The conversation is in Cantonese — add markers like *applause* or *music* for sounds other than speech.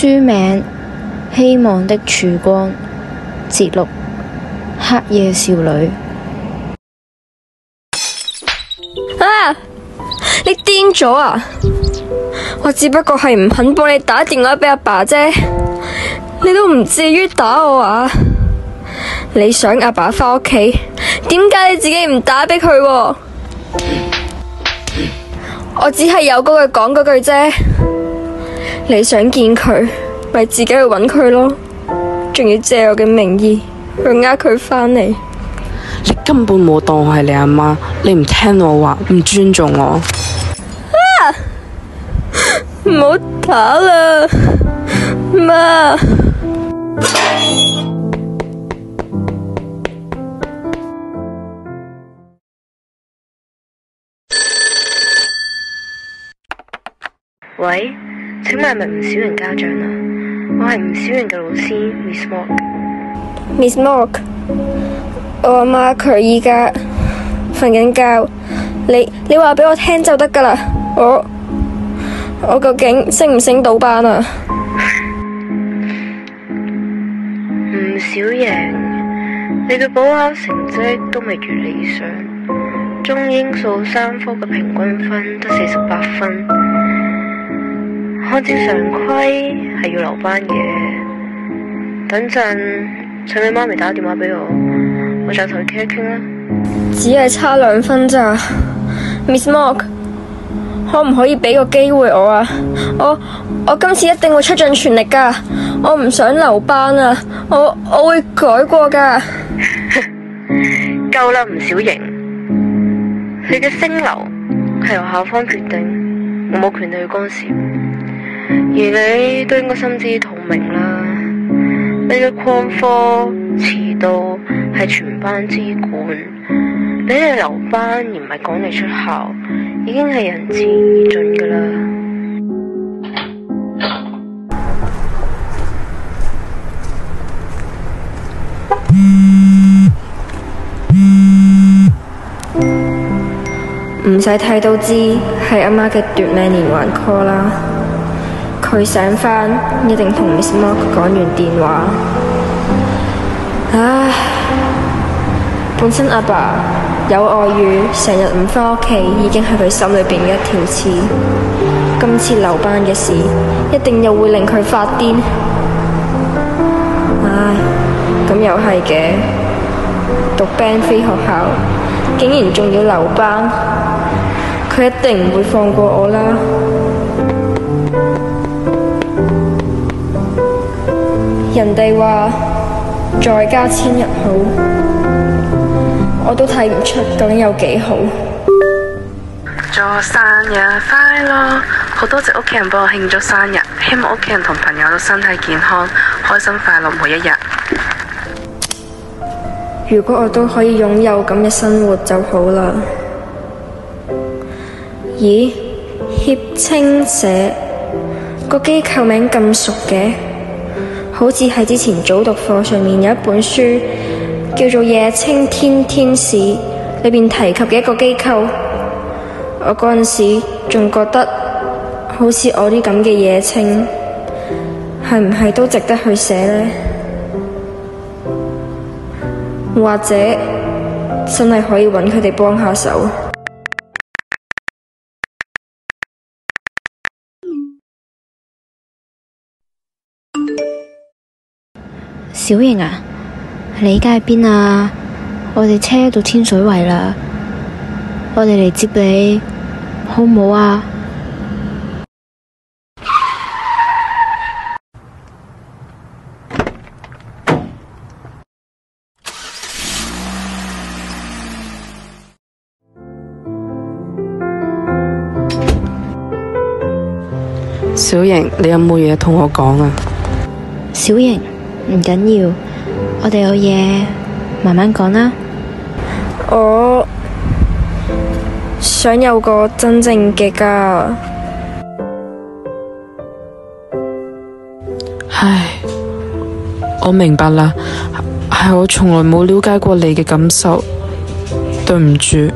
書名《希望的曙光》，節錄《黑夜少女》。啊！你癲咗啊！我只不過係唔肯幫你打電話俾阿爸啫，你都唔至於打我啊！你想阿爸返屋企，點解你自己唔打俾佢啊？我只係有句講句啫。你想見佢，咪自己去搵佢咯，仲要借我嘅名義去呃佢翻嚟。你根本冇當我係你阿媽，你唔聽我話，唔尊重我。唔好、啊、 *laughs* 打啦，媽。喂。請問係咪吳小瑩家長啊？我係吳小瑩嘅老師 Miss Mark。Miss Mark，我阿媽佢依家瞓緊覺，你你話俾我聽就得噶啦。我我究竟升唔升到班啊？吳小瑩，你嘅補考成績都未如理想，中英數三科嘅平均分得四十八分。按照常規係要留班嘅，等陣請你媽咪打電話俾我，我再同佢傾一傾啦。只係差兩分咋，Miss Mark，可唔可以俾個機會我啊？我我今次一定會出盡全力噶，我唔想留班啊！我我會改過噶。夠啦， *laughs* 吳小瑩，你嘅升流係由校方決定，我冇權利去干涉。而你都應該心知肚明啦，你曠課遲到係全班之冠，俾你留班而唔係趕你出校，已經係仁至義盡噶啦。唔使睇都知係阿媽嘅奪命連環 call 啦。佢醒返，一定同 Miss Mark 講完電話。唉，本身阿爸有外遇，成日唔返屋企，已經係佢心裏邊嘅一條刺。今次留班嘅事，一定又會令佢發癲。唉，咁又係嘅。讀 band 飛學校，竟然仲要留班，佢一定唔會放過我啦。人哋話在家千日好，我都睇唔出究竟有幾好。祝生日快樂！好多謝屋企人幫我慶祝生日，希望屋企人同朋友都身體健康、開心快樂每一日。如果我都可以擁有咁嘅生活就好啦。咦？協清社個機構名咁熟嘅？好似喺之前早讀課上面有一本書叫做《夜青天天使》，裏面提及嘅一個機構，我嗰陣時仲覺得好似我啲咁嘅夜青，係唔係都值得去寫呢？或者真係可以搵佢哋幫下手？小瑩啊，你而家喺邊啊？我哋車到天水圍啦，我哋嚟接你，好唔好啊？小瑩，你有冇嘢同我講啊？小瑩。唔緊要，我哋有嘢慢慢講啦。我想有個真正嘅家。唉，我明白啦，係我從來冇了解過你嘅感受，對唔住。